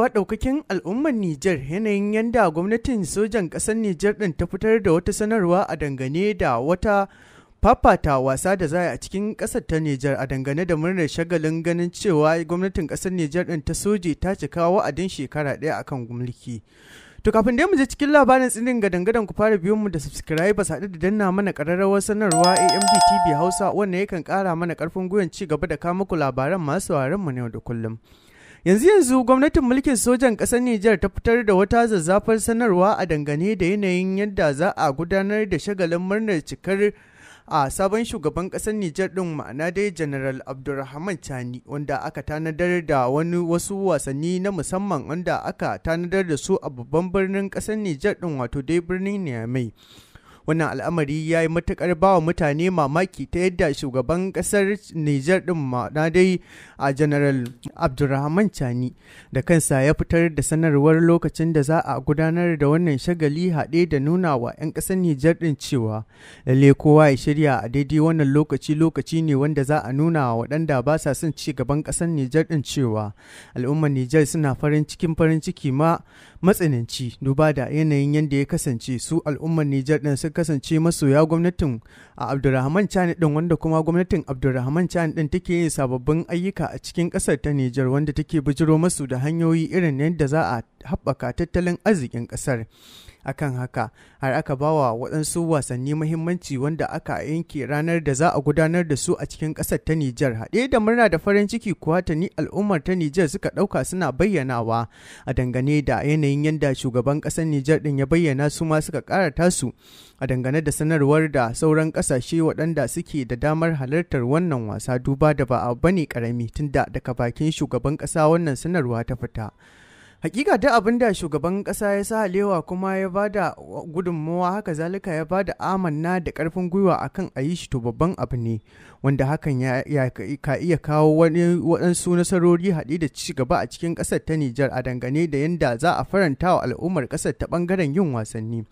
cewa ɗaukakin al'ummar Nijar yanayin yanda gwamnatin sojan ƙasar Nijar ɗin ta fitar da wata sanarwa a dangane da wata fafata wasa da za a cikin ƙasar ta Nijar a dangane da murnar shagalin ganin cewa gwamnatin ƙasar Nijar ɗin ta soje ta cika wa'adin shekara ɗaya akan mulki. To kafin dai mu je cikin labarin tsinin ga dangadan ku fara biyun mu da subscribers haɗu da danna mana ƙararrawar sanarwa AMD TV Hausa wannan yakan ƙara mana ƙarfin gwiwan ci gaba da kawo muku labaran masu mu na yau da kullum. yanzu yanzu gwamnatin mulkin sojan ƙasar Nijar ta fitar da wata zazzafar sanarwa a dangane da yanayin yadda za a gudanar da shagalin murnar cikar a sabon shugaban ƙasar Nijar ɗin ma'ana dai General Abdulrahman Chani wanda aka tanadar da wani wasu wasanni na musamman wanda aka tanadar da su a babban birnin ƙasar Nijar ɗin wato dai birnin Niamey. wannan al'amari ya yi matukar ba wa mutane mamaki ta yadda shugaban kasar nijar din ma'ana dai a general abdulrahman chani da kansa ya fitar da sanarwar lokacin da za a gudanar da wannan shagali haɗe da nuna wa 'yan ƙasar nijar din cewa lalle kowa ya shirya a daidai wannan lokaci lokaci ne wanda za a nuna wa waɗanda ba sa son ci gaban ƙasar nijar din cewa al'ummar nijar suna farin cikin farin ciki ma matsananci duba da yanayin yadda ya kasance su al'ummar nijar din suka kasance masoya gwamnatin a Abdulrahman Chani din wanda kuma gwamnatin Abdulrahman Chani din take yin sababbin ayyuka a cikin kasar ta Nijar wanda take bijiro masu da hanyoyi irin yadda za a haɓaka tattalin arzikin kasar. akan haka har aka bawa waɗansu wasanni muhimmanci wanda aka yanke ranar da za a gudanar da su a cikin ƙasar ta Nijar haɗe da murna da farin ciki kuwa ta ni al'ummar ta Nijar suka ɗauka suna bayyanawa a dangane da yanayin yadda shugaban ƙasar Nijar ɗin ya bayyana su ma suka ƙara tasu a dangane da sanarwar da sauran ƙasashe waɗanda suke da damar halartar wannan wasa duba da ba a bane ƙarami tunda daga bakin shugaban ƙasa wannan sanarwa ta fita. hakika duk abin da shugaban kasa ya sa lewa kuma ya ba da gudunmuwa haka zalika ya bada amanna da karfin gwiwa akan a yi shi to babban abu ne wanda hakan ya, ka iya kawo wani waɗansu nasarori haɗi da ci gaba a cikin ƙasar ta Nijar a dangane da yadda za a faranta wa al'ummar ƙasar ta bangaren yin wasanni.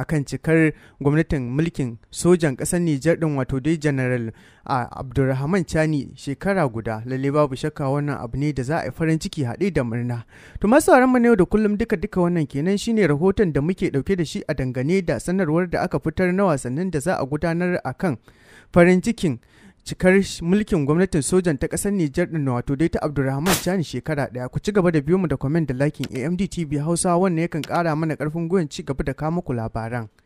a kan cikar gwamnatin mulkin sojan ƙasar Nijar ɗin wato dai General a Abdulrahman Chani shekara guda lalle babu shakka wannan abu ne da za a yi farin ciki haɗe da murna. To masu mu na yau da kullum duka duka wannan kenan shine rahoton da muke ɗauke da shi a dangane da sanarwar da aka fitar na wasannin da za a gudanar akan farin cikin cikar mulkin gwamnatin sojan ta kasar Nijar din wato dai ta Abdulrahman Chani shekara daya ku ci gaba da biyo mu da comment da liking AMD TV Hausa wannan yakan kara mana karfin gwiwa ci gaba da kawo muku labaran